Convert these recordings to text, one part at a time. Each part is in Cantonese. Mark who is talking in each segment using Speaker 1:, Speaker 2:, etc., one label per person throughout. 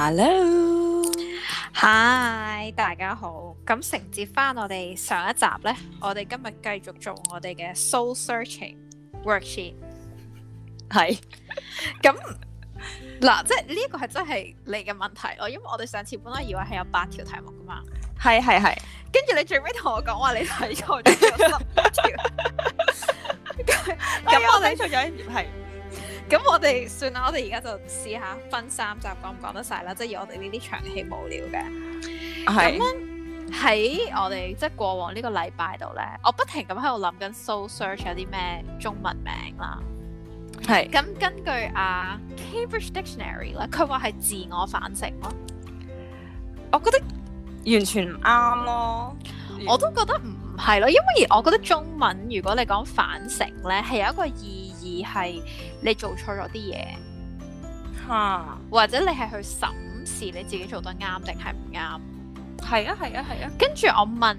Speaker 1: Hello，Hi，
Speaker 2: 大家好。咁承接翻我哋上一集咧，我哋今日繼續做我哋嘅 Soul Searching Worksheet。係，咁嗱，即係呢一個係真係你嘅問題咯，因為我哋上次本來以為係有八條題目噶嘛，
Speaker 1: 係係係，跟住你最
Speaker 2: 尾同我講話你睇錯咗十條，咁我睇錯咗一頁係。咁我哋算啦，我哋而家就試下分三集講唔講得晒啦，即係以我哋呢啲長氣無聊嘅。
Speaker 1: 咁樣
Speaker 2: 喺我哋即係過往呢個禮拜度咧，我不停咁喺度諗緊，soul search 有啲咩中文名啦。係是。咁根據啊 Cambridge Dictionary 咧，佢話係自我反省咯。
Speaker 1: 我覺得完全唔
Speaker 2: 啱咯。嗯、我都覺得唔係咯，因為我覺得中文如果你講反省咧，係有一個意義係。你做錯咗啲嘢嚇，啊、或者你係去審視你自己做得啱定係唔啱？係啊係啊係啊！啊啊跟住我問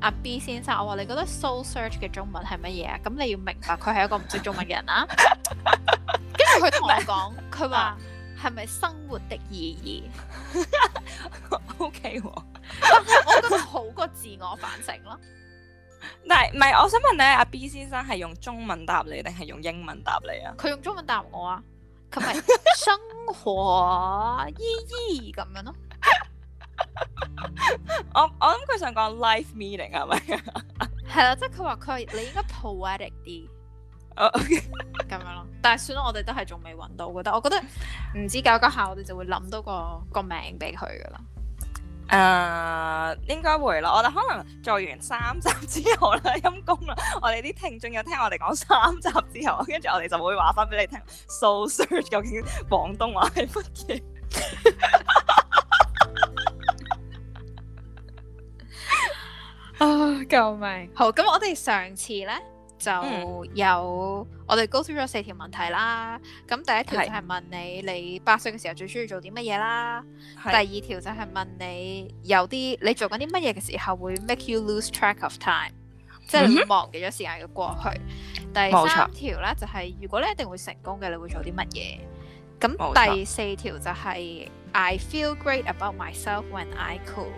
Speaker 2: 阿 B 先生，我話你覺得 Soul Search 嘅中文係乜嘢啊？咁你要明白佢係一個唔識中文嘅人啊。 跟」跟住佢同我講，佢話係咪生活的意
Speaker 1: 義
Speaker 2: ？OK，哦、 我覺得好過自我反省咯。
Speaker 1: 但係唔係，我想問你，阿 B 先生係用中文答你定係用英文答你啊？佢用中文答我啊，
Speaker 2: 佢唔係生活
Speaker 1: 依依」咁 樣咯、啊。 我我諗佢想講 life meeting 係咪
Speaker 2: 啊？係啦，即係佢話佢你應該 poetic 啲。哦，咁樣咯。但係算啦，我哋都係仲未揾到，覺得我覺得唔知搞搞下，某一某一某一某我哋就會諗到個個名俾佢噶啦。
Speaker 1: 誒應該會啦，我哋可能做完三集之後啦，陰功啦，我哋啲聽眾又聽我哋講三集之後，跟住我哋就會話翻俾你聽，soul search 究竟廣東話係乜嘢
Speaker 2: 啊？救命！好，咁我哋上次咧。就有、嗯、我哋 go through 咗四條問題啦，咁第一條就係問你是你八歲嘅時候最中意做啲乜嘢啦，是第二條就係問你有啲你做緊啲乜嘢嘅時候會 make you lose track of time，即係你忘記咗時間嘅過去，第三條咧就係如果你一定會成功嘅，你會做啲乜嘢？嗯哼咁第四條就係、是、I feel great about myself when I could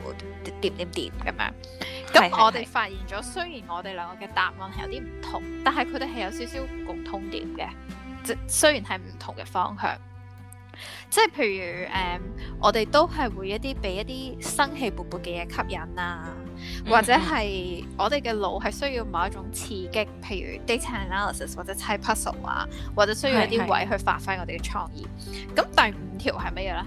Speaker 2: 點點點咁樣,樣。咁我哋發現咗，雖然我哋兩個嘅答案係有啲唔同，但係佢哋係有少少共通點嘅，即係 雖然係唔同嘅方向，即係譬如誒，um, 我哋都係會一啲俾一啲生氣勃勃嘅嘢吸引啊。或者係我哋嘅腦係需要某一種刺激，譬如 data analysis 或者猜 puzzle 啊，或者需要一啲位去發揮我哋嘅創意。咁 第五條係乜
Speaker 1: 嘢呢？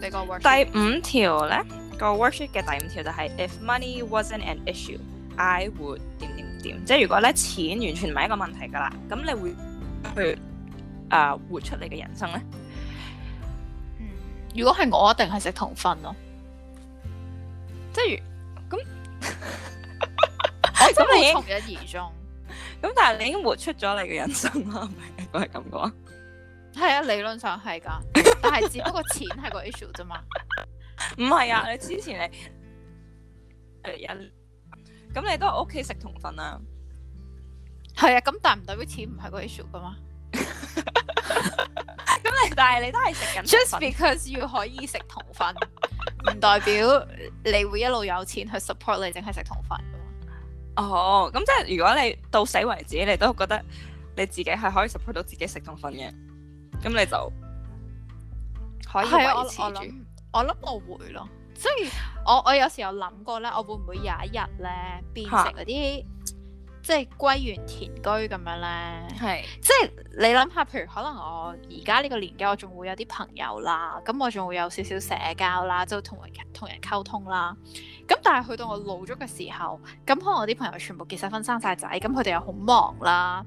Speaker 1: 第五條呢？個 worksheet 嘅第五條就係、是、if money wasn't an issue，I would 點點點，即係如果咧錢完全唔係一個問題噶啦，咁你會去誒、呃、活出你嘅人生呢？嗯、如果係我，一定係食同瞓咯。即係。咁 你已經從一而終，咁但係你已經活出咗你嘅人生啦，係咪？我係咁講，
Speaker 2: 係啊，理論上係噶， 但係只不過錢係個 issue
Speaker 1: 啫嘛，唔係 啊，你之前你一，咁 你都係屋企食同瞓啊，
Speaker 2: 係啊，咁但唔代表錢唔係個 issue 噶嘛，咁你但係你都係食緊 just because 要可以食同瞓。 唔 代表你會一路有錢去 support 你淨係食通粉噶
Speaker 1: 嘛？哦，咁即係如果你到死為止，你都覺得你自己係可以 support 到自己食通粉嘅，咁你就可以維持住。
Speaker 2: 我諗我，我，我會咯，即係我我有時有諗過咧，我會唔會有一日咧變成嗰啲？即係歸園田居咁樣咧，係是即係你諗下，譬如可能我而家呢個年紀，我仲會有啲朋友啦，咁我仲會有少少社交啦，即同人同人溝通啦。咁但係去到我老咗嘅時候，咁可能我啲朋友全部結晒婚生晒仔，咁佢哋又好忙啦，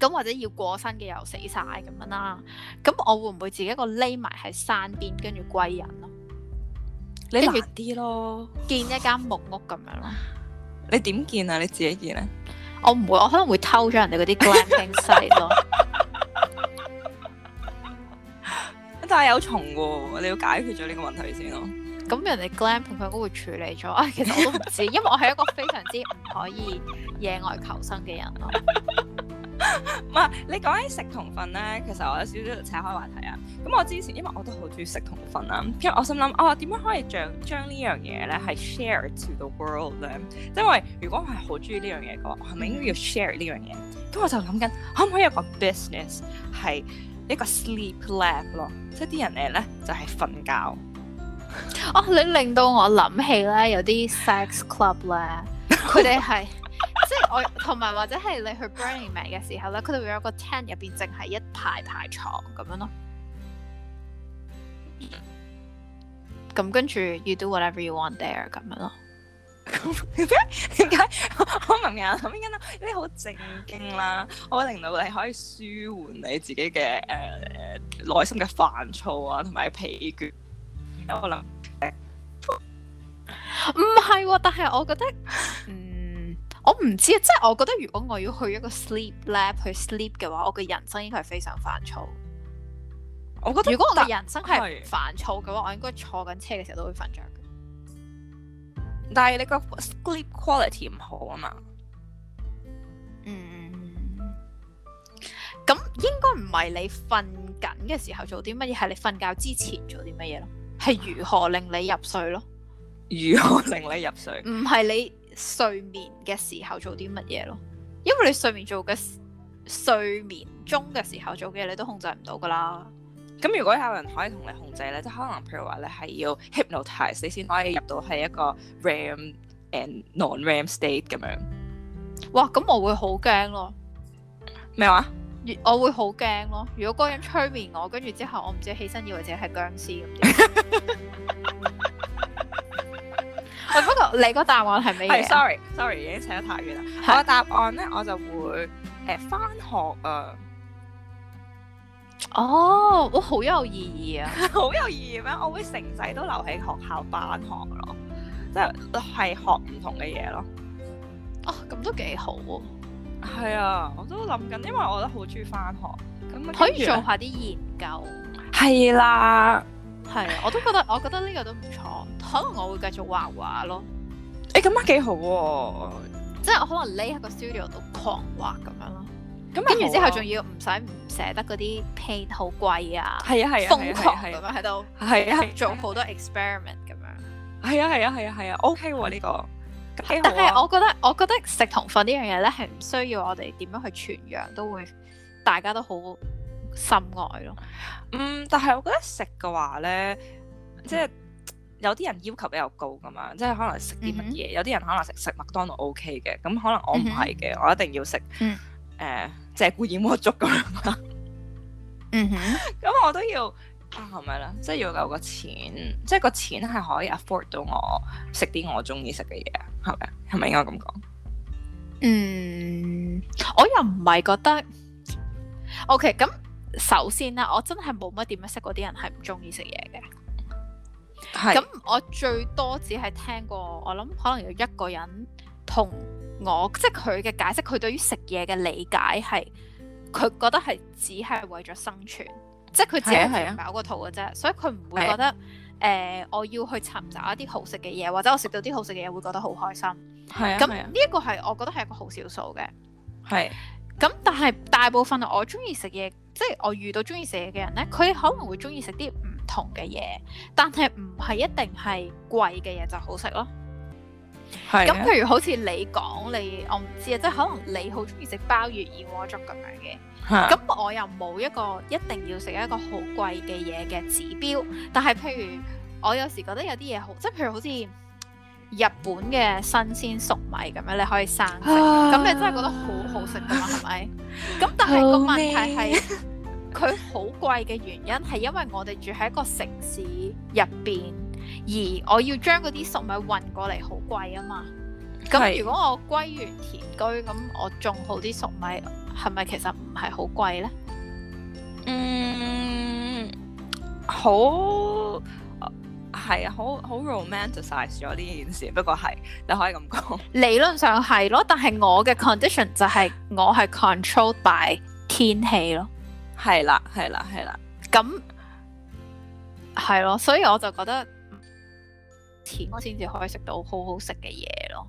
Speaker 2: 咁或者要過身嘅又死晒咁樣啦。咁我會唔會自己一個匿埋喺山邊跟住歸隱？你
Speaker 1: 咯？跟住
Speaker 2: 啲咯，建一間木屋咁樣咯。
Speaker 1: 你點建啊？你自己建啊？我唔會，我可能會偷咗人哋嗰啲 glamping 西咯， 但係有蟲喎、啊，你要解決咗呢個問題先咯。
Speaker 2: 咁人哋 glamping 佢都會處理咗、哎，其實我都唔知，因為我係一個非
Speaker 1: 常之唔可以野外求生嘅人咯。唔係， 你講起食同瞓咧，其實我有少少扯開話題啊。咁我之前因為我都好中意食同瞓啊，啦，咁我心諗，我話點樣可以將將呢樣嘢咧係 share to the world 咧？因為如果我係好中意呢樣嘢嘅話，我係咪應該要 share 呢樣嘢？咁我就諗緊可唔可以有個 business 係一個 sleep lab 咯，即係啲人嚟咧就係、是、瞓覺。
Speaker 2: 哦，你令到我諗起咧有啲 sex club 咧，佢哋係。 我同埋或者係你去 Burning Man 嘅時候咧，佢哋會有個 tent 入邊，淨係一排排床咁樣咯。咁跟住，you do whatever you want there 咁樣咯。
Speaker 1: 點解 麼？點解 麼？ 我明啊，咁樣啦，呢啲好正經啦，我會令到你可以舒緩你自己嘅誒內心嘅煩躁啊，同埋疲倦。
Speaker 2: 我諗，唔 係、啊，但係我覺得。 我唔知啊，即係我覺得如果我要去一個 sleep lab 去 sleep 嘅話，我嘅人生應該係非常煩躁。我覺得如果我嘅人生係煩躁嘅話，是我應該坐緊車嘅時候都會瞓着。但係你個 sleep quality
Speaker 1: 唔好啊嘛。嗯。
Speaker 2: 咁應該唔係你瞓緊嘅時候做啲乜嘢，係你瞓覺之前做啲乜嘢咯？係如何令你入睡咯？ 如何令你入睡？唔係 你。睡眠嘅時候做啲乜嘢咯？因為你睡眠做嘅睡眠
Speaker 1: 中嘅時候做嘅嘢，你都控制唔到㗎啦。咁如果有個人可以同你控制呢，即可能譬如話你係要 hypnotize，你先可以入到係一個 REM and non-REM state 咁樣。哇！咁我會好驚咯。咩話麼？
Speaker 2: 我會好驚咯。如果嗰個人催眠我，跟住之後我唔知起身以為自己係僵屍咁。
Speaker 1: 不過你嗰答案係咩係、哎、，sorry，sorry，已經扯得太遠啦。是我嘅答案咧，我就會誒翻、呃、學啊、哦。
Speaker 2: 哦，我好有意義
Speaker 1: 啊，好 有意義咩？我會成世都留喺學校翻學,、就是、學咯，即係學唔同嘅嘢咯。哦，咁都幾好、啊。係啊，我都諗緊，因為我都好中意翻學。咁可以做下啲研究。係啦。係，
Speaker 2: 我都覺得，我覺得呢個都唔錯，可能我會繼續畫畫咯。
Speaker 1: 誒，咁樣幾好喎！
Speaker 2: 即係我可能匿喺個 studio 度狂畫咁樣咯。
Speaker 1: 咁跟住之後，仲
Speaker 2: 要唔使唔捨得嗰啲 paint 好貴啊。係啊係啊，瘋狂咁樣喺度，係啊，做好多 experiment 咁樣。係啊係啊係啊係啊，OK 喎呢個。但係我覺得，我覺得食同瞓呢樣嘢咧，係唔需要我哋點樣去傳揚，都會大家
Speaker 1: 都好。心愛咯，嗯，但係我覺得食嘅話咧，即係有啲人要求比較高噶嘛，即係可能食啲乜嘢，有啲人可能食食麥當勞 OK 嘅，咁可能我唔係嘅，我一定要食誒謝姑燕窩粥咁樣嘛。嗯哼，咁我都要，係咪咧？即係要有個錢，即係個錢係可以 afford 到我食啲我中意食嘅嘢，係咪？係咪應該
Speaker 2: 咁講？嗯，我又唔係覺得 OK 咁。首先啦，我真係冇乜點樣識嗰啲人係唔中意食嘢嘅。
Speaker 1: 係咁
Speaker 2: 是，我最多只係聽過，我諗可能有一個人同我，即係佢嘅解釋，佢對於食嘢嘅理解係佢覺得係只係為咗生存，啊啊、即係佢只係飽個肚嘅啫，所以佢唔會覺得誒、啊呃，我要去尋找一啲好食嘅嘢，或者我食到啲好食嘅嘢會覺得好開心。係咁、啊，呢一個係我覺得係一個好少數嘅。係咁、啊，但係大部分我中意食嘢。即係我遇到中意食嘢嘅人呢，佢可能會中意食啲唔同嘅嘢，但係唔係一定係貴嘅嘢就好食咯。咁的，譬如好似你講你，我唔知啊，即係可能你好中意食鮑魚燕窩粥咁樣嘅。係咁的，我又冇一個一定要食一個好貴嘅嘢嘅指標，但係譬如我有時覺得有啲嘢好，即係譬如好似。日本嘅新鮮粟米咁樣你可以生食，咁、啊、你真係覺得好好食㗎嘛？係咪？ 咁但係個問題係佢好貴嘅原因係因為我哋住喺一個城市入邊，而我要將嗰啲粟米運過嚟好貴啊嘛。
Speaker 1: 咁如果我
Speaker 2: 歸園田居，咁我種好啲粟米，係咪其實唔係好貴呢？
Speaker 1: 嗯，好。係啊，好好 romanticize 咗呢件事，不過係你可以咁講。理
Speaker 2: 論上係咯，但係我嘅 condition 就係我係 controlled by 天氣咯。係啦，係啦，係啦。咁係咯，所以我就覺得甜，我先至可以食到好好食嘅嘢咯。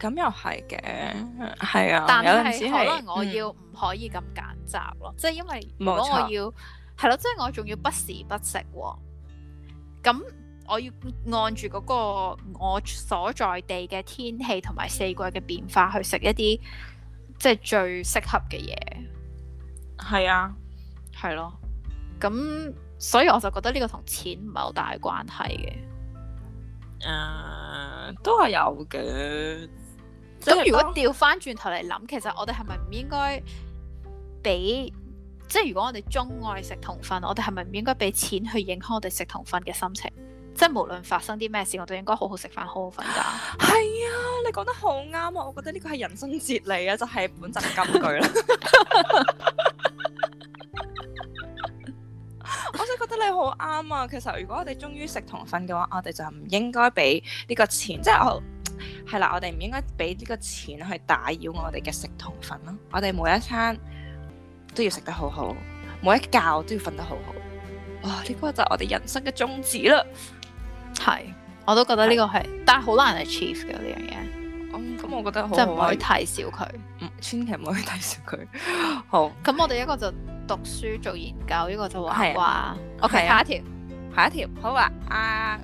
Speaker 1: 咁又係嘅，係啊。但係可能我
Speaker 2: 要唔、嗯、可以咁揀擇咯，即係因為如果我要係咯，即係錯我仲要不時不食喎。咁我要按住嗰個我所在地嘅天氣同埋四季嘅變化去食一啲即係最適合嘅嘢。
Speaker 1: 係啊，
Speaker 2: 係咯。咁所以我就覺得呢個同錢唔係好大關係嘅。誒，uh，
Speaker 1: 都係有嘅。
Speaker 2: 咁如果調翻轉頭嚟諗，其實我哋係咪唔應該俾？即係如果我哋鍾愛食同瞓，我哋係咪唔應該俾錢去影響我哋食同瞓嘅心情？即係無論發生啲咩事，我都應該好好食飯，好好瞓覺。係啊、 哎，
Speaker 1: 你講得好啱啊！我覺得呢個係人生哲理啊，就係、是、本集金句啦。我就覺得你好啱啊！其實如果我哋鍾意食同瞓嘅話，我哋就唔應該俾呢個錢，即、就、係、是、我係啦，我哋唔應該俾呢個錢去打擾我哋嘅食同瞓咯。我哋每一餐。都要食得好好，每一覺都要瞓得好好。哇！呢個就係我哋人生嘅宗旨啦。係，我都覺得呢個係，但係好難去 achieve 嘅呢樣嘢。
Speaker 2: 咁我覺得即係唔可以睇
Speaker 1: 小佢，千祈唔可以睇小佢。好，咁我
Speaker 2: 哋一個就讀書做研究，一個就畫畫。OK，下一條，下一條好
Speaker 1: 啊！I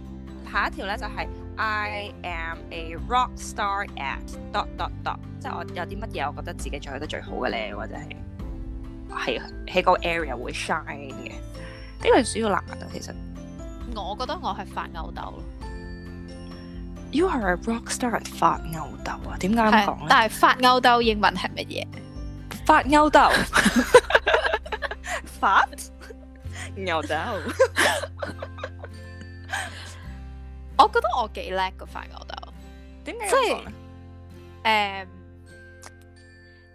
Speaker 1: 下一條咧就係 I am a rock star at dot dot dot，即係我有啲乜嘢，我覺得自己做得最好嘅咧，或者係。係喺個 area 會 shine 嘅，呢個需要難啊。其實我
Speaker 2: 覺得我係發吽哣咯。
Speaker 1: You are a rock star，發吽哣啊？點解咁講咧？但係發吽哣英文係乜嘢？發吽哣。
Speaker 2: 發
Speaker 1: 吽哣。我
Speaker 2: 覺得我幾叻個發吽哣，點解即係？誒。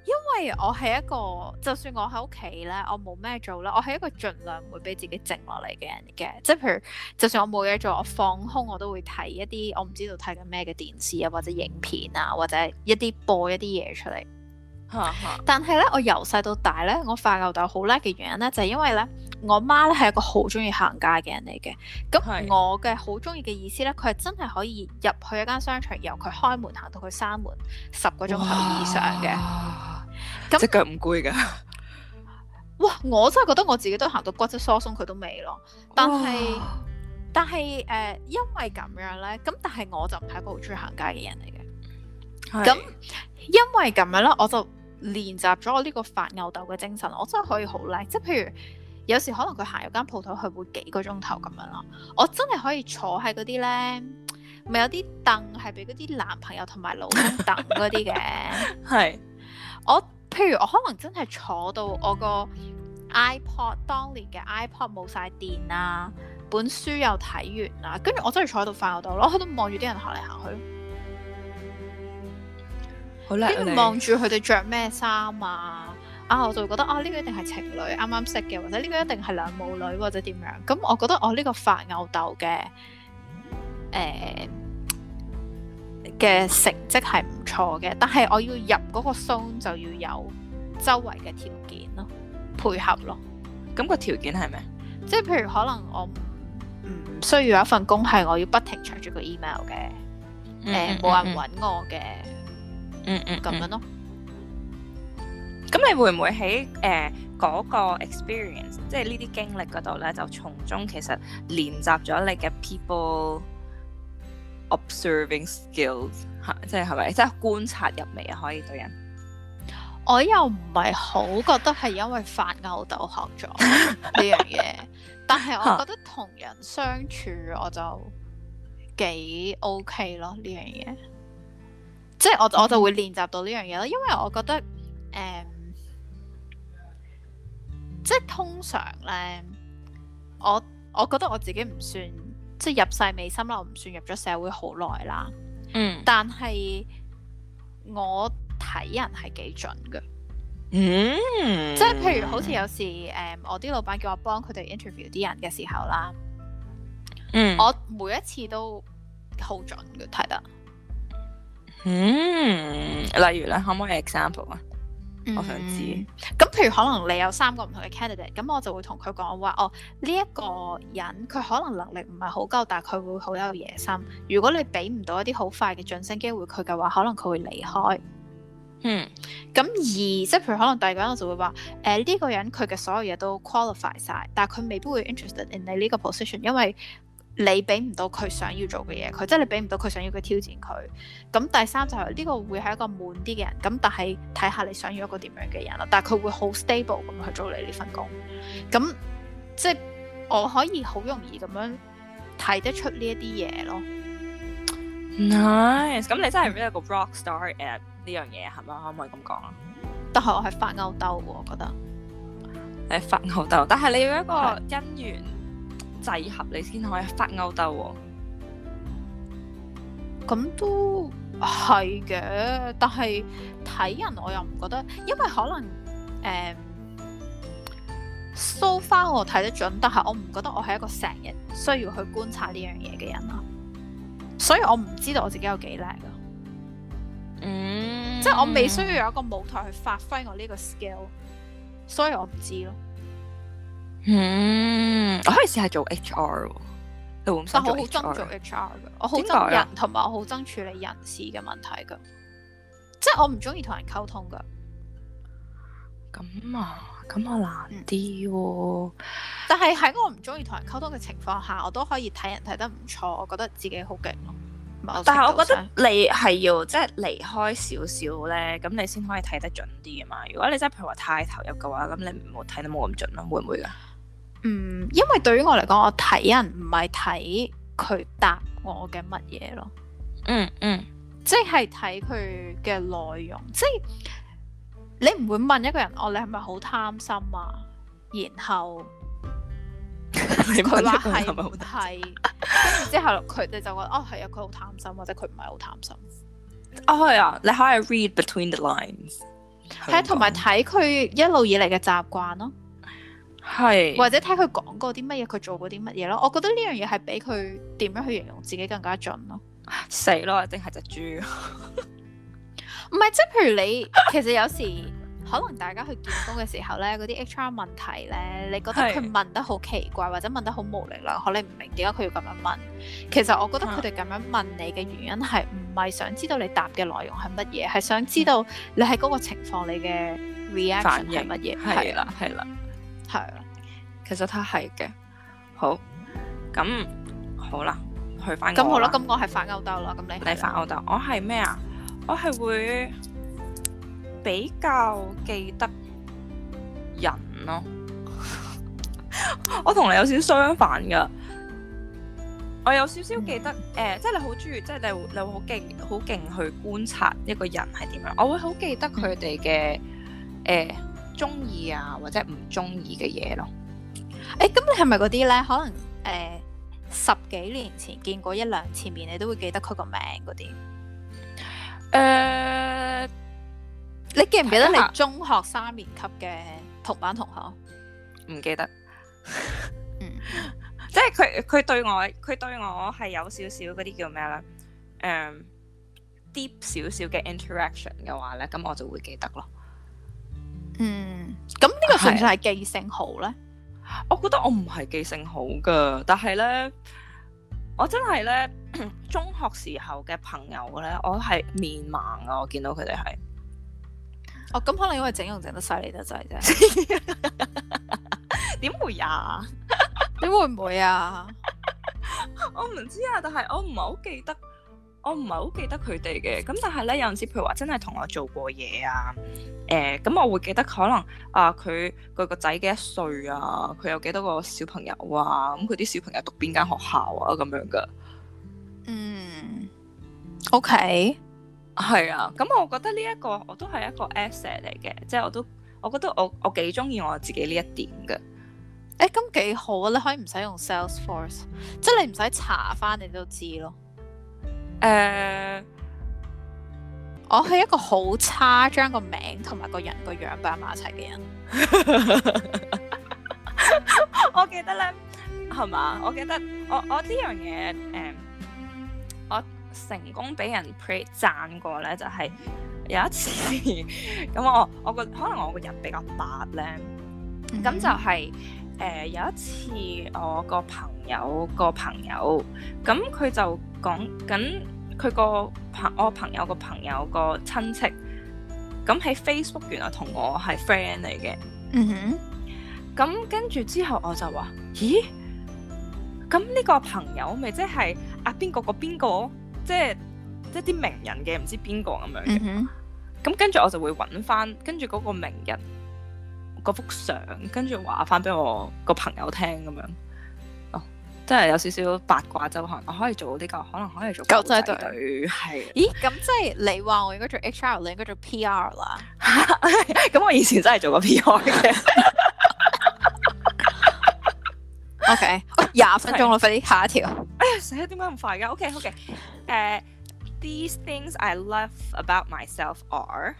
Speaker 2: 因為我係一個，就算我喺屋企咧，我冇咩做啦。我係一個盡量唔會俾自己靜落嚟嘅人嘅，即係譬如，就算我冇嘢做，我放空，我都會睇一啲我唔知道睇緊咩嘅電視啊，或者影片啊，或者一啲播一啲嘢出嚟。但係咧，我由細到大咧，我快牛仔好叻嘅原因咧，就係、是、因為咧，我媽咧係一個好中意行街嘅人嚟嘅。咁我嘅好中意嘅意思咧，佢係真係可以入去一間商場，由佢開門行到佢閂門，十個鐘頭以上嘅。
Speaker 1: 咁隻腳唔攰噶？
Speaker 2: 樣哇！我真係覺得我自己都行到骨質疏鬆，佢都未咯。但係哇但係誒、呃，因為咁樣咧，咁但係我就唔係一個好中意行街嘅人嚟嘅。咁是因為咁樣咧，我就。練習咗我呢個發吽豆嘅精神，我真係可以好叻。即係譬如有時可能佢行入間鋪頭，佢會幾個鐘頭咁樣咯。我真係可以坐喺嗰啲呢，咪有啲凳係俾嗰啲男朋友同埋老公等嗰啲嘅。係 是，我譬如我可能真係坐到我個 iPod 當年嘅 iPod 冇晒電啊，本書又睇完啦，啊，跟住我真係坐喺度發吽豆咯，都望住啲人行嚟行去。跟住望住佢哋着咩衫啊？啊，我就會覺得啊，呢、這個一定係情侶啱啱識嘅，或者呢個一定係兩母女或者點樣？咁、嗯、我覺得我呢個發吽豆嘅誒嘅成績係唔錯嘅，但係我要入嗰個 zone 就要有周圍嘅條件咯，
Speaker 1: 配合咯。咁個條件係咩？
Speaker 2: 即係譬如可能我唔需要有一份工係我要不停 check 住個 email 嘅，誒冇人搵
Speaker 1: 我嘅。嗯嗯嗯，咁樣咯。咁你會唔會喺誒嗰個 experience，即係呢啲經歷嗰度咧，就從中其實練習咗你嘅 people observing skills 吓，即係係咪即係觀察入微，啊？可以對人，
Speaker 2: 我又唔係好覺得係因為發吽豆學咗呢樣嘢，但係我覺得同人相處我就幾 OK 咯呢樣嘢。即係我我就會練習到呢樣嘢啦，因為我覺得誒、嗯，即係通常咧，我我覺得我自己唔算即係入世未深啦，我唔算入咗社會好耐啦。嗯。
Speaker 1: 但
Speaker 2: 係我睇人係幾準㗎。嗯。即
Speaker 1: 係譬如好似有
Speaker 2: 時誒，我啲老闆叫我幫佢哋 interview 啲人嘅時候啦。嗯。我每一次都好準嘅睇得。
Speaker 1: 嗯，例如咧，可唔可以 example 啊、嗯？我想知。
Speaker 2: 咁譬如可能你有三個唔同嘅 candidate，咁我就會同佢講，我話哦，呢、這、一個人佢可能能力唔係好夠，但係佢會好有野心。如果你俾唔到一啲好快嘅晉升機會佢嘅話，可能佢會離開。嗯，咁而即係譬如可能第二個人我就會話，誒、呃、呢、這個人佢嘅所有嘢都 qualify 晒，但係佢未必會 interested in 你呢個 position，因為，你俾唔到佢想要做嘅嘢，佢即係你俾唔到佢想要嘅挑戰佢。咁第三就係呢個會係一個悶啲嘅人。咁但係睇下你想要一個點樣嘅人啦。但係佢會好 stable 咁去做你呢份工。咁即係我可以好容易咁樣睇得出呢一啲嘢咯。
Speaker 1: Nice，咁你真係一個 rock star a 呢、嗯 uh, 樣嘢係咪？可唔可以咁講啊？但係我係發吽竇喎，我覺得。係發吽竇，但係你要一個姻緣。制合你先可以發勾兜喎，咁都係
Speaker 2: 嘅，但係睇人我又唔覺得，因為可能誒 show 翻，我睇得準，但係我唔覺得我係一個成日需要去觀察呢樣嘢嘅人啦，所以我唔知道我自己有幾叻咯，
Speaker 1: 嗯，
Speaker 2: 即係我未需要有一個舞台去發揮我呢個 skill，所以我唔知咯。
Speaker 1: 嗯，我可以試下做 HR 喎，你我好憎做 HR 嘅，我好憎人，
Speaker 2: 同埋我好憎處理人事嘅問題嘅，即係我唔中意同人溝通噶。
Speaker 1: 咁啊，咁我、啊、難啲喎、啊嗯。
Speaker 2: 但係喺我唔中意同人溝通嘅情況下，我都可以睇人睇得唔錯，我覺得自己好勁咯。
Speaker 1: 但係我，我覺得你係要即係離開少少咧，咁你先可以睇得準啲啊嘛。如果你真係譬如話太投入嘅話，咁你唔冇睇得冇咁準咯，會唔會噶？
Speaker 2: 嗯，因為對於我嚟講，我睇人唔係睇佢答我嘅乜嘢咯。嗯嗯，嗯即係睇佢嘅內容，即係你唔會問一個人哦，你係咪好貪心啊？然後嗱係，跟住 之後佢哋就覺得哦，係啊，佢好貪心，或者佢唔係好貪心。哦，係啊，
Speaker 1: 你可以 read between the lines，
Speaker 2: 係同埋睇佢一路以嚟嘅習慣咯。係是或者睇佢講過啲乜嘢，佢做過啲乜嘢咯？我覺得呢樣嘢係比佢點樣去形容自己更加準咯。死咯，定係隻豬？唔 係，即係譬如你其實有時 可能大家去見工嘅時候咧，嗰啲 HR 問題咧，你覺得佢問得好奇怪，是或者問得好無力量，可能你唔明點解佢要咁樣問。其實我覺得佢哋咁樣問你嘅原因係唔係想知道你答嘅內容係乜嘢，係、嗯、想知道你喺嗰個情況你嘅 reaction 係乜嘢應？係啦，係
Speaker 1: 啦，係啊。其實佢係嘅，好，咁好啦，去翻。咁好啦，咁我係發吽斗啦，咁你，你發吽斗，我係咩啊？我係會比較記得人咯。 我同你有少少相反噶，我有少少記得，誒、嗯呃，即係你好中意，即係你，你會好勁好勁去觀察一個人係點樣，我會好記得佢哋嘅誒中意啊或者唔中意嘅嘢咯。
Speaker 2: 誒，咁、欸、你係咪嗰啲咧？可能誒、呃，十幾年前見過一兩次面，你都會記得佢個名嗰啲？誒、呃，你記唔記得你中學三年級嘅同班同
Speaker 1: 學？唔記得。即係佢佢對我佢對我係有少少嗰啲叫咩咧？誒、um, deep 少少嘅 interaction 嘅話咧，咁我就會記得咯。嗯，咁呢個算唔算係記性好咧？嗯 我覺得我唔係記性好噶，但係咧，我真係咧中學時候嘅朋友咧，我係面盲啊！我見到佢哋係，
Speaker 2: 哦咁、嗯、可能因為整容整得犀利得滯啫，
Speaker 1: 點會呀？
Speaker 2: 你會唔會啊？
Speaker 1: 我唔知啊， 知但係我唔係好記得。我唔係好記得佢哋嘅，咁但係咧，有陣時譬如話真係同我做過嘢啊，誒、呃、咁我會記得可能啊佢佢個仔幾歲啊，佢有幾多個小朋友啊，咁佢啲小朋友讀邊間學校啊咁樣噶。嗯
Speaker 2: ，OK，係啊，
Speaker 1: 咁我覺得呢、這個、一個、就是、我都係一個 asset 嚟嘅，即係我都我覺得我我幾中意我自己呢一點嘅。誒、欸，咁幾好
Speaker 2: 啊！你可以唔使用，用 Salesforce，即係你唔使查翻你都知咯。
Speaker 1: 誒，uh,
Speaker 2: 我係一個好差將個名同埋個人個樣擺埋一齊嘅人。
Speaker 1: 我記得咧，係嘛？我記得我我呢樣嘢，誒、嗯，我成功俾人 praise 讚過咧，就係、是、有一次，咁 我我個可能我個人比較白咧，咁、mm hmm. 就係、是、誒、呃、有一次我個朋友個朋友，咁佢就講緊。佢個朋我朋友個朋友個親戚咁喺 Facebook 原來同我係 friend 嚟嘅，嗯哼。咁跟住之後我就話：咦，咁呢個朋友咪即係阿邊個嗰邊個，即係一啲名人嘅，唔知邊個咁樣嘅。咁跟住我就會揾翻跟住嗰個名人嗰幅相，跟住話翻俾我個朋友聽咁樣。真係有少少八卦周行，可我可以做呢個，可能可以做狗仔隊，係。的咦？咁即係你話我應該
Speaker 2: 做 H R，你應該做 P R 啦。
Speaker 1: 咁我以前真係做過 P R 嘅。
Speaker 2: O K，廿分鐘咯，快啲下一條。
Speaker 1: 哎呀，死，點解咁快噶？O K，O K。誒、okay, okay. uh,，these things I love about myself are。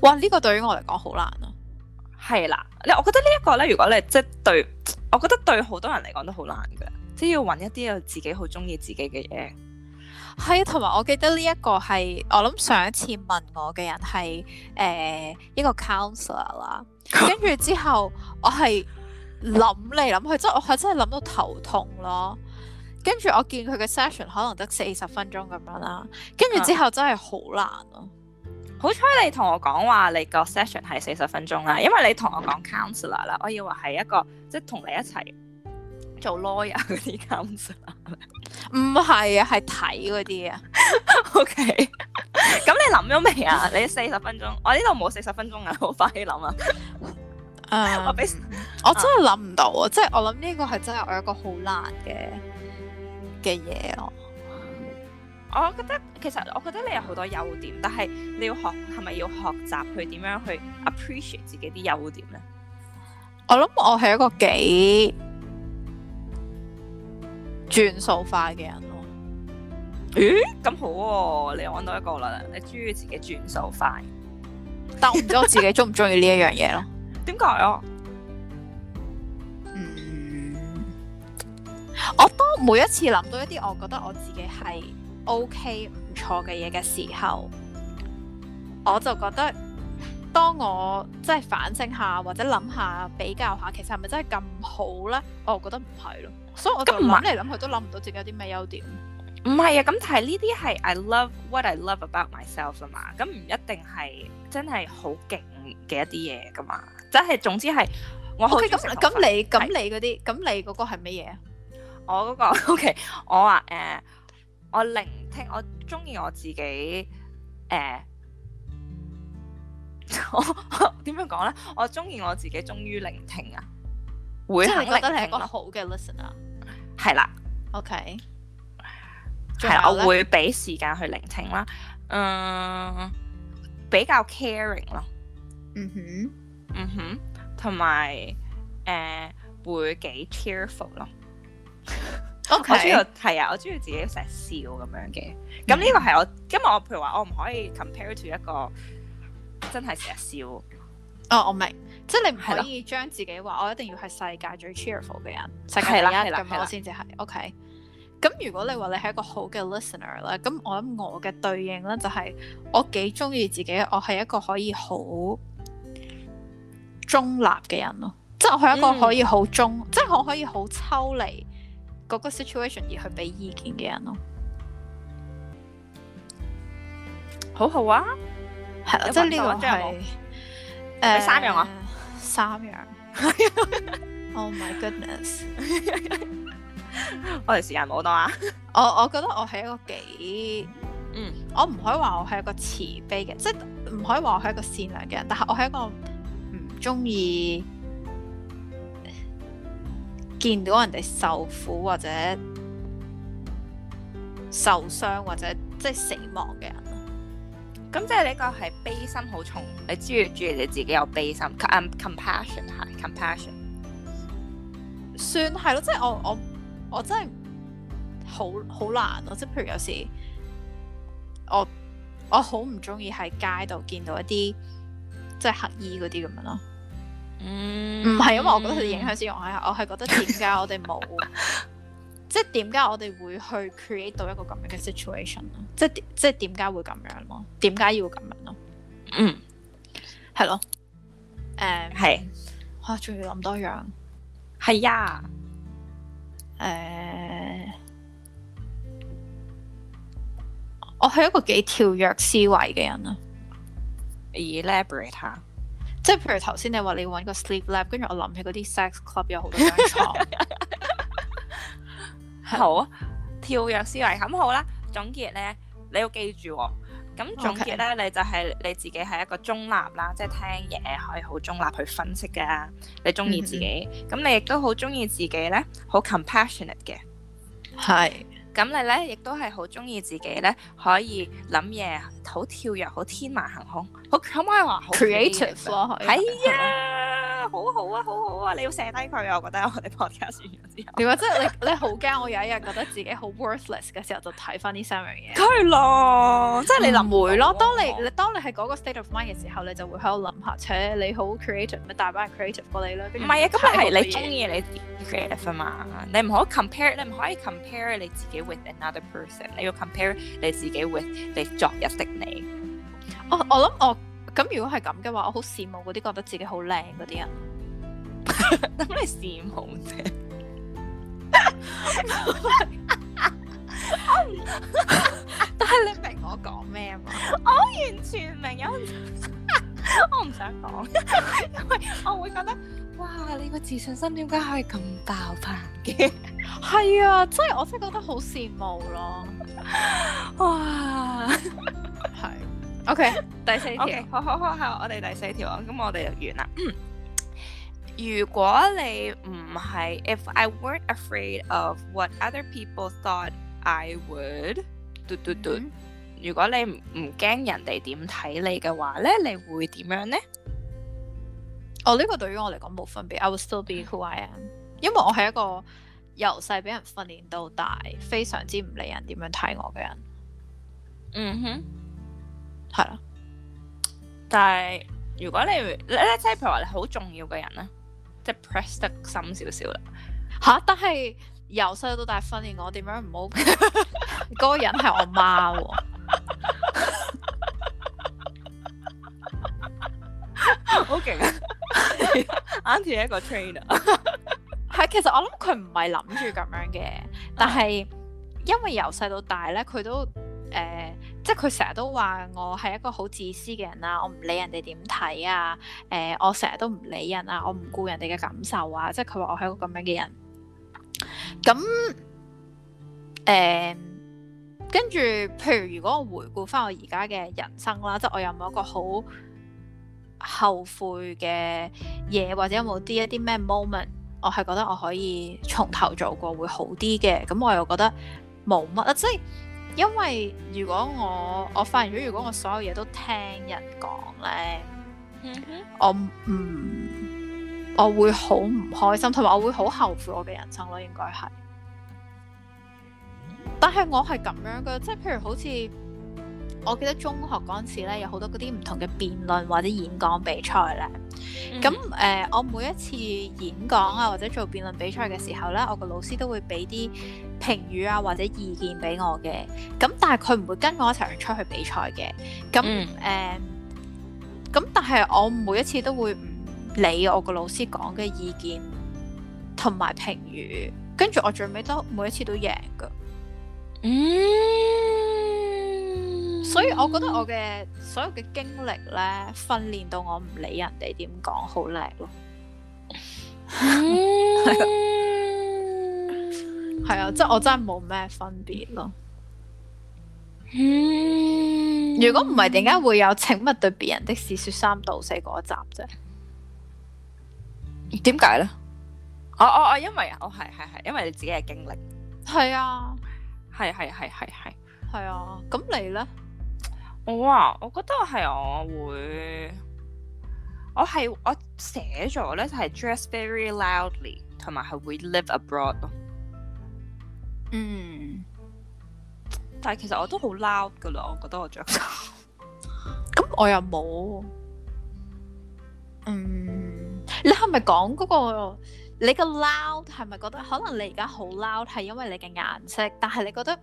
Speaker 1: 哇！呢個對於我嚟講好難咯、啊。係啦，你我覺得呢一個咧，如果你即係對。我覺得對好多人嚟講都好難㗎，即係要揾一啲有自己好中意自己嘅嘢。係啊，同埋我記得呢一個係我諗上一
Speaker 2: 次問我嘅人係誒、呃、一個 counselor 啦，跟住 之後我係諗嚟諗去，即係我係真係諗到頭痛咯。跟住我見佢嘅 session 可能得四十分鐘咁樣啦，跟住之後真係好難咯。
Speaker 1: 好彩你同我講話你個 session 係四十分鐘啦，因為你同我講 counselor 啦，我以為係一個即係同你一齊做 lawyer 嗰啲 counselor，唔係啊，係睇嗰啲啊。 OK，咁 你諗咗未啊？你四十分鐘，我呢度冇四十分鐘啊，好 快啲諗啊。
Speaker 2: 我 俾、um, 我真係諗唔到啊，即係、um, 我諗呢 個係真係我一個好難嘅嘅嘢咯。
Speaker 1: 我覺得其實我覺得你有好多優點，但係你要學係咪要學習去點樣去 appreciate 自己啲優點呢？
Speaker 2: 我諗我係一個幾轉數快嘅人咯。
Speaker 1: 咦？咁好啊！你揾到一個啦，你中意自己轉數快，
Speaker 2: 但我唔知我自己中唔中意呢一樣嘢咯。
Speaker 1: 點解啊？嗯，
Speaker 2: 我都每一次諗到一啲，我覺得我自己係，O K 唔錯嘅嘢嘅時候，我就覺得當我即係反省下或者諗下比較下，其實係咪真係咁好咧？我又覺得唔係咯，所以我咁諗嚟諗去都諗唔到自己有啲咩優點。
Speaker 1: 唔係啊，咁但係呢啲係 I love what I love about myself 啊嘛，咁唔一定係真係好勁嘅一啲嘢噶嘛，即係總之係我好。咁咁你咁你
Speaker 2: 嗰啲咁你嗰個係乜嘢
Speaker 1: 啊？我嗰個 O K，我話，誒。我聆聽，我中意我自己，誒、呃， 我點樣講咧？我中意我自己，終於聆聽啊，
Speaker 2: 會係聆聽，覺得係一個好
Speaker 1: 嘅 listener，係啦，OK，係啦我會俾時間去聆聽啦，誒、呃，比較 caring 咯、mm，hmm. 嗯哼，嗯哼，同埋誒會幾 careful 咯。 Okay. 我中意係啊！我中意自己成日笑咁樣嘅。咁呢個係我，嗯、因為我譬如話我唔可以 compare to 一個真係成日笑。哦，我明，即係你唔可以將
Speaker 2: 自己話我一定要係世界最 cheerful 嘅人，世界第一係啦係啦咁我先至係。OK。咁、okay. 如果你話你係一個好嘅 listener 咧，咁我諗我嘅對應咧就係我幾中意自己，我係一個可以好中立嘅人咯。即係我係一個可以好中、嗯、中，即係我可以好抽離。嗰個 situation 而去俾意見嘅人咯，好好啊，係啊對，即係呢個真係誒三樣啊，呃、三樣 ，Oh my goodness，
Speaker 1: 我哋時間冇多啊，
Speaker 2: 我我覺得我係一個幾嗯，我唔可以話我係一個慈悲嘅， 即係唔可以話我係一個善良嘅人，但係我係一個唔中意見到人哋受苦或者
Speaker 1: 受傷或者即係死亡嘅人，咁即係你個係悲心好重，你注意注意你自己有悲心。com p a s、嗯、s i o n 係 compassion，算係咯，即係我我我真
Speaker 2: 係好好難咯，即係譬如有時我我好唔中意喺街度見到一啲即係乞兒嗰啲咁樣咯。嗯，唔係，因為我覺得佢影響先，嗯、我係我係覺得點解我哋冇，即係點解我哋會去 create 到一個咁樣嘅 situation 啊？即係即係點解會咁樣咯？點解要咁樣咯？嗯，係咯，誒係，吓仲要咁多樣，係呀，誒，uh, 我係一個幾跳躍思維嘅人啊，elaborate 下。El 即係譬如頭先你話你揾個 sleep lab，跟住
Speaker 1: 我諗起嗰啲 sex club 有好多張牀。好啊，跳躍思維。咁好啦。總結咧，你要記住喎。咁總結咧，你就係你自己係一個中立啦，即係聽嘢可以好中立去分析㗎。你中意自己，咁你亦都好中意自己咧，好 compassionate 嘅。
Speaker 2: 係。
Speaker 1: 咁你咧亦都係好中意自己咧，可以諗嘢。好跳躍，好天馬行空，可唔可以話好 creative？係 Creative, 啊，吧哎、呀好好啊，好好啊！你要寫低佢啊，我覺得我哋 podcast 完之後樣。 你解即係你你好驚？我有一日覺得自己好
Speaker 2: worthless 嘅時候，就睇翻呢三樣嘢。梗
Speaker 1: 係啦，即係你臨回咯。
Speaker 2: 當你，你當你係嗰個 state of mind 嘅時候，你就會喺度諗下誒你好 creative，咪大班把係 creative 過你啦？唔係
Speaker 1: 啊，咁係你中意你自己 creative 啊嘛？嗯、你唔可以 compare，你唔可以 compare 你自己 with another person。你要 compare 你自己 with 你昨日的。你，我我諗我咁如果係咁嘅話，我好羨慕嗰啲覺得自己
Speaker 2: 好靚嗰啲
Speaker 1: 人。咁 你羨慕啫？但係你明我講咩嘛？ 我完全明， 我唔，我唔想講，因為我會覺得，哇！你個自信心點解可以咁爆棚嘅？係 啊，真係我真係覺得好羨慕咯， 哇！ 係，OK， 第四條條，okay, 好好好，係我哋第四條啊，咁我哋就完啦。 如果你唔係，if I weren't afraid of what other people thought I would，嘟嘟嘟，如果你唔驚人哋點睇你嘅話咧，你會點樣呢？哦，呢、呢個對於我嚟講冇分
Speaker 2: 別，I will still be who I am，因為我係一個由細俾人訓練到大，非常之唔理人點樣睇我嘅人。嗯
Speaker 1: 哼。係啦、嗯，但係如果你咧，即係譬如話你好重要嘅人咧，即係 press 得深少少啦。
Speaker 2: 吓，但係由細到大訓練我點樣
Speaker 1: 唔好，嗰個 人係我媽喎，好勁啊！auntie 係一個 trainer，
Speaker 2: 係其實我諗佢唔係諗住咁樣嘅，但係因為由細到大咧，佢都誒。呃即係佢成日都話我係一個好自私嘅人啦，啊，我唔理人哋點睇啊，誒、呃，我成日都唔理人啊，我唔顧人哋嘅感受啊，即係佢話我係一個咁樣嘅人。咁誒，呃、跟住，譬如如果我回顧翻我而家嘅人生啦，即係我有冇一個好後悔嘅嘢，或者有冇啲一啲咩 moment，我係覺得我可以從頭做過會好啲嘅，咁我又覺得冇乜啊，即係。因為如果我我發現咗，如果我所有嘢都聽人講咧、mm hmm. 嗯，我唔我會好唔開心，同埋我會好後悔我嘅人生咯，應該係。但係我係咁樣噶，即係譬如好似。我記得中學嗰陣時咧，有好多嗰啲唔同嘅辯論或者演講比賽咧。咁誒、mm hmm. 呃，我每一次演講啊或者做辯論比賽嘅時候咧，我個老師都會俾啲評語啊或者意見俾我嘅。咁但係佢唔會跟我一齊出去比賽嘅。咁誒，咁、mm hmm. 呃、但係我每一次都會唔理會我個老師講嘅意見同埋評語，跟住我最尾都每一次都贏㗎。嗯、mm。Hmm. 所以我覺得我嘅所有嘅經歷咧，訓練到我唔理人哋點講，好叻咯。係啊，即係我真係冇咩分別咯。如果唔係，點解會有請勿對別人的事說三道四嗰一集啫？
Speaker 1: 點解咧？我我我因為，我係係係，因為你自己嘅經歷。係啊，係係係係係，係啊。咁你咧？我啊，我覺得係我會，我係我寫咗咧、就是，就係 dress very loudly，同埋係會 live abroad 咯。嗯，但係其實我都好 loud 㗎喇，我覺得我着衫。
Speaker 2: 咁 我又冇。
Speaker 1: 嗯，你係咪講
Speaker 2: 嗰個？你嘅 loud 係咪覺得可能你而家好 loud 係因為你嘅顏色？但係你覺得？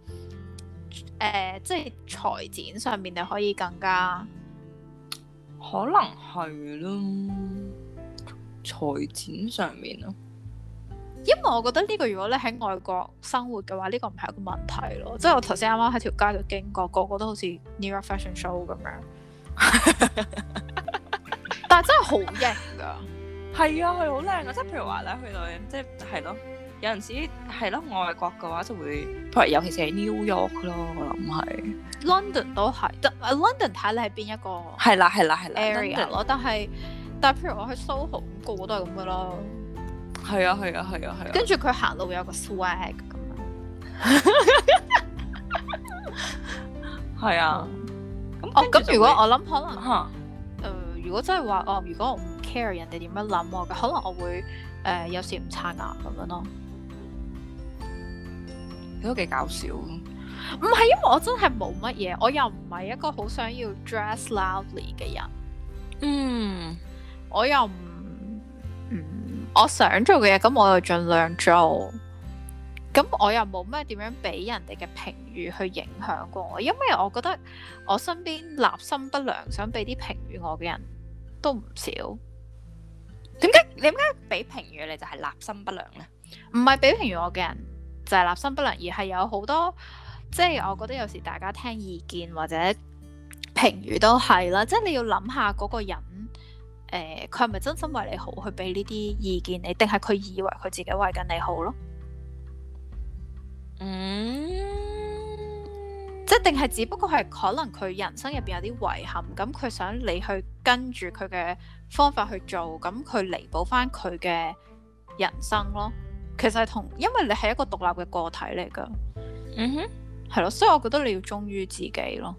Speaker 2: 誒、呃，即係裁剪上面你可以更加，
Speaker 1: 可能係咯，裁剪上面咯。
Speaker 2: 因為我覺得呢個如果你喺外國生活嘅話，呢、這個唔係一個問題咯。即係我頭先啱啱喺條街度經過，個個都好似 New York Fashion Show 咁樣，
Speaker 1: 但係真係好型㗎，係 啊，佢好靚啊。即係譬如話咧，去到即係係咯。就是就是有陣時係咯，外國嘅話就會，譬如尤其是喺 New York 咯，我諗係 London 都係。但係 London 睇你係邊一個係啦，係啦，係啦 area 咯。
Speaker 2: 但係但譬如我去 Soho，個個都係咁嘅咯。
Speaker 1: 係啊，係啊，係啊，係啊。跟住
Speaker 2: 佢行路會有個 swag 咁樣，
Speaker 1: 係啊。咁哦咁，如果我諗
Speaker 2: 可能，誒，如果真係話，哦，如果我唔 care 人哋點樣諗我嘅，可能我會誒有時唔刷牙咁樣咯。都幾搞笑，唔係因為我真係冇乜嘢，我又唔係一個好想要 dress loudly 嘅人，嗯，嗯，
Speaker 1: 我又唔，
Speaker 2: 我想做嘅嘢，咁我又盡量做，咁我又冇咩點樣俾人哋嘅評語去影響過我，因為我覺得我身邊立心不良，想俾啲評語我嘅人都唔少。
Speaker 1: 點解點解俾評語你就係立心不良
Speaker 2: 呢？啊？唔係俾評語我嘅人。就係立心不良，而係有好多，即係我覺得有時大家聽意見或者評語都係啦，即係你要諗下嗰個人，誒、呃，佢係咪真心為你好去俾呢啲意見你，定係佢以為佢自己為緊你好咯？嗯，即係定係只不過係可能佢人生入邊有啲遺憾，咁佢想你去跟住佢嘅方法去做，咁佢彌補翻佢嘅人生咯。其實係同，因為你係一個獨立嘅個體嚟噶，嗯哼，係咯，所以我覺得你要忠於自己咯。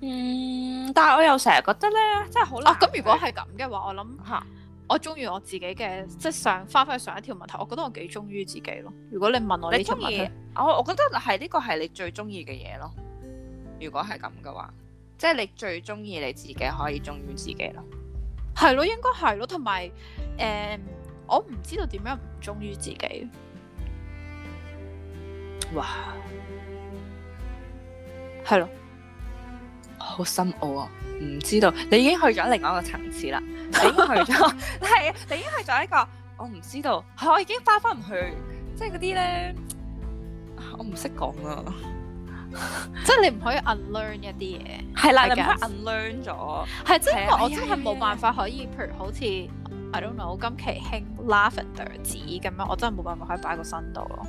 Speaker 2: 嗯，
Speaker 1: 但係我又成日覺得咧，真
Speaker 2: 係好難。咁、哦、如果係咁嘅話，我諗吓，我鍾意我自己嘅，即、就、係、是、上發揮上一條問題，我覺得我幾忠於自己咯。如果你問我問你中意，
Speaker 1: 我我覺得係呢個係你最中意嘅嘢咯。如果係咁嘅話，即、就、係、是、你最中意你自己可以忠於自己咯。係咯、嗯，應該係咯，同埋
Speaker 2: 誒。嗯我唔知道點樣唔忠於自己。
Speaker 1: 哇，係咯，好深奧啊！唔知道，你已經去咗另外一個層次啦，你已經去咗，係，你已經去咗一個，我唔知道，我已經翻返唔去，即係嗰啲咧，我唔識講啊，即係你唔可以 unlearn 一啲嘢，係啦，你唔可以 unlearn 咗，係真係，我真係
Speaker 2: 冇辦法可以譬如好似。I don't know，今期興 lavender 紫咁樣，我真係冇辦法可以擺個身度咯。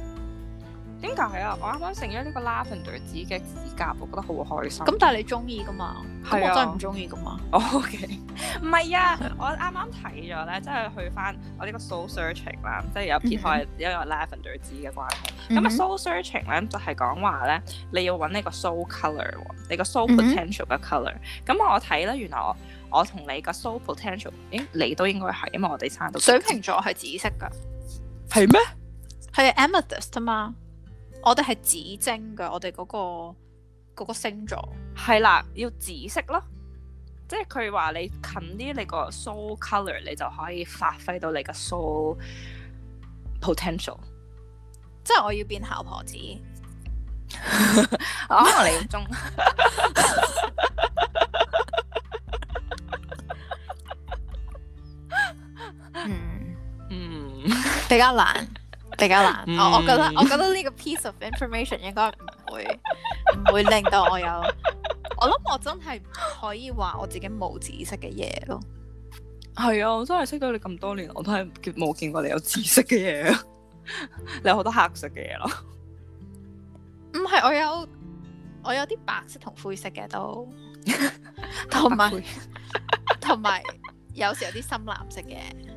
Speaker 1: 點解係啊？我啱啱成咗呢個 lavender 紫嘅指甲，我覺得好開心。咁但係你中意噶嘛？啊、我係 Okay. 啊，我唔中意噶嘛。OK，唔係啊，我啱啱睇咗咧，即係去翻我呢個 soul searching 啦，即係有撇開因為 lavender 紫嘅關係。咁啊、mm hmm. soul searching 咧，就係講話咧，你要揾呢個 soul colour 你個 soul potential 嘅 colour 咁我睇咧，原來我。我同你嘅 soul potential，咦？你都應該係，因為我哋生到，水瓶座係紫色噶，係咩嗎？係 amethyst 啊嘛，
Speaker 2: 我哋係紫晶噶，我哋嗰、嗰個嗰個星座
Speaker 1: 係啦，要紫色咯。即係佢話你近啲，你個 soul color 你就可以發揮到你嘅 soul potential。即係我要變姣
Speaker 2: 婆子，可能你中。 比較難，比較難。嗯、我我覺得，我覺得呢個 piece of information 應該唔會唔
Speaker 1: 會令到我有，
Speaker 2: 我諗我真係可以話我自己冇紫色嘅嘢咯。
Speaker 1: 係啊，我真係識咗你咁多年，我都係冇見過你有紫色嘅嘢。 你有好多黑色嘅嘢咯。
Speaker 2: 唔係、嗯，我有我有啲白色同灰色嘅都，同埋同埋有時有啲深藍色嘅。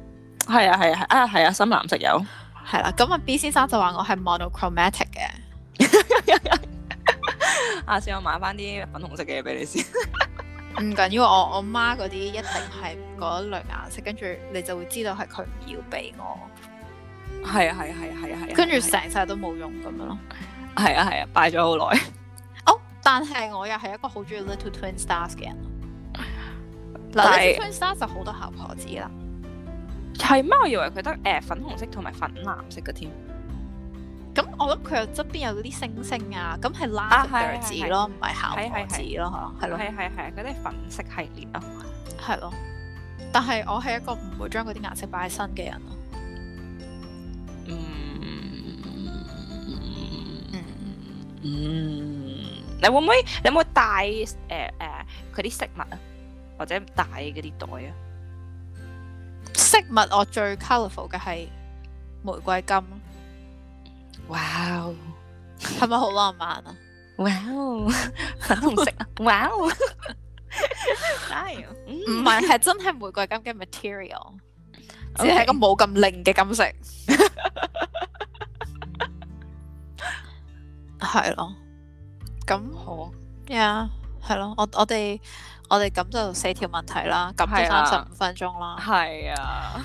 Speaker 2: 係啊，係啊，啊係啊深藍色有係啦。咁啊 B 先生就話我係 monochromatic 嘅，
Speaker 1: 啊先我買翻啲粉紅色嘅嘢俾你先，
Speaker 2: 唔緊要我我媽嗰啲一定係嗰一類顏色，跟住你就會知道係佢唔要俾我，係啊，係啊，係啊，係啊，跟住成世都冇用咁樣
Speaker 1: 咯，係啊，係啊拜咗好耐，
Speaker 2: 哦但係我又係一個好中意 Little Twin
Speaker 1: Stars 嘅人，嗱 Little Twin
Speaker 2: Stars 就好多巧婆
Speaker 1: 子啦。係，咩？我以為佢得誒粉紅色同埋粉藍色嘅添。咁、嗯、我諗佢又
Speaker 2: 側邊有啲星星啊，咁係藍色嘅紙咯，同埋巧克力紙咯，係咯，係係係嗰啲粉色系列咯，係、哦、咯。但係我係一個唔會將嗰啲顏色擺喺身嘅人咯、嗯。嗯嗯嗯，
Speaker 1: 你會唔會有冇帶誒誒佢啲飾物啊，或者帶嗰啲袋啊？飾物
Speaker 2: 我最 colourful 嘅係玫瑰金，哇哦，係咪好浪漫啊？
Speaker 1: 哇哦，粉紅色，哇哦，唔
Speaker 2: 係，係真係玫瑰金嘅 material，只係個冇咁靚嘅金色，係咯，咁好，呀，係咯，我我哋。我哋咁就四條問題啦，咁先三十五分鐘啦。
Speaker 1: 係啊，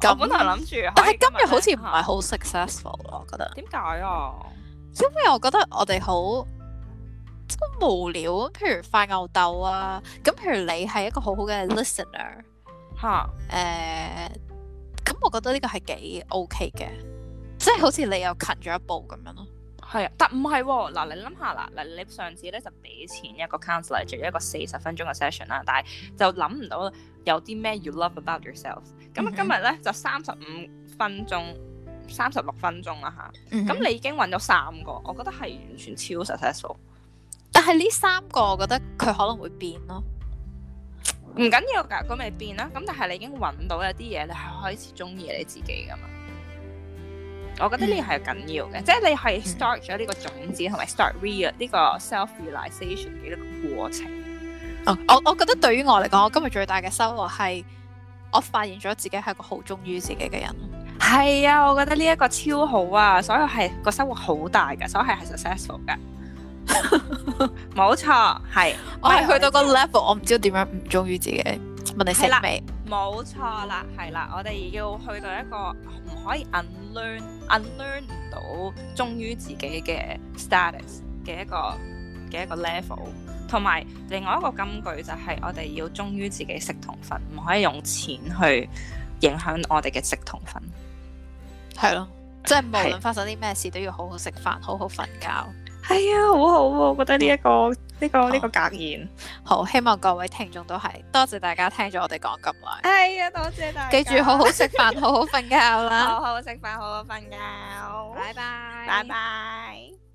Speaker 1: 咁 那本來諗住，但係今日好似
Speaker 2: 唔係好 successful 咯，嗯、我覺得。點解啊？因為我覺得我哋好，即係無聊。譬如快吽哣啊，咁譬如你係一個好好嘅 listener，吓、 呃，誒，咁我覺得呢個係幾 OK 嘅，即、就、係、是、好似你又近咗一步咁樣
Speaker 1: 咯。係啊，但唔係喎。嗱，你諗下啦，嗱，你上次咧就俾錢一個 counselor 做一個四十分鐘嘅 session 啦，但係就諗唔到有啲咩 you love about yourself。咁、嗯、哼啊，今日咧就三十五分鐘，三十六分鐘啦吓，咁你已經揾咗三個，我覺得係完全超 successful。但係呢三個，我覺得佢可能會變咯。
Speaker 2: 唔緊
Speaker 1: 要㗎，咁咪變啦。咁但係你已經揾到有啲嘢，你係開始中意你自己㗎嘛。我覺得呢個係緊要嘅，嗯、即係你係 start 咗呢個種子，同埋 start real 呢個 self realization 嘅一個過程。
Speaker 2: 哦、我我覺得對於我嚟講，我今日最大嘅收穫係我發現咗自己係個
Speaker 1: 好忠於自己嘅人。係啊，我覺得呢一個超好啊！所以係個收穫好大嘅，所以係係 successful 嘅。冇 錯，係 是是我係去
Speaker 2: 到個 level，我唔知點樣唔忠於自己。問你死未？
Speaker 1: 冇、啊、錯啦，係啦、啊，我哋要去到一個唔可以 unlearn 唔到忠於自己嘅 status 嘅一個嘅一個 level，同埋另外一個金句就係我哋要忠於自己食同瞓，唔可以用錢去影響我哋嘅食同瞓。係咯、啊，即係無論發生啲咩事是都要好好食
Speaker 2: 飯，好好瞓覺。
Speaker 1: 係啊，好好啊，我覺得呢、這、一個。呢、這個呢好個格
Speaker 2: 言，好希望各位聽眾都係，多謝大家聽咗我哋講咁耐。係
Speaker 1: 啊、哎呀，多謝大家。記住好好食飯， 好好瞓覺啦。好好食飯，好好瞓覺。拜拜 bye，拜拜。